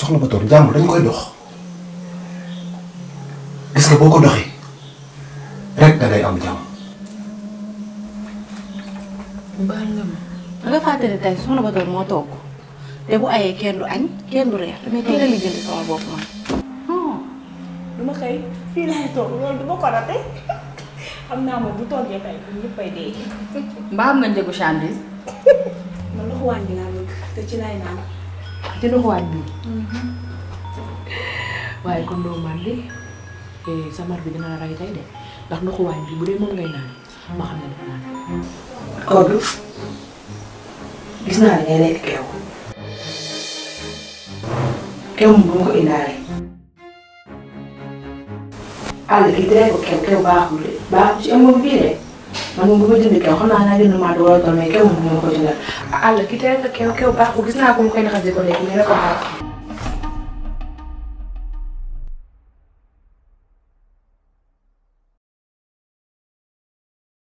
soxna ma toog jàmbur dañ koy dox gis nga boo ko doxee rek da am jàmm. baal nga ma. nga fàtte ne tey soxna Batoor moo toog te bu ayee kenn du añ kenn du reer du ma xëy fii laay naa moom bu toogee tey ñëppay dee. mbaa am nga njëgu waaye kon doo màndi eh, sa mar bi dina la ray de ndax ndoxu waañ bi bu ngay naan ma gis naa ne kew kew moom bu ma ko indaale. àll gi kew kew baaxul de ci ëmb bi de man moom kew xam naa naa jënd maa doole doole mais kew moom bu ko jëndal. àll gi diree kew kew baaxul gis naa ko mu koy ko lekk mais ko baaxul.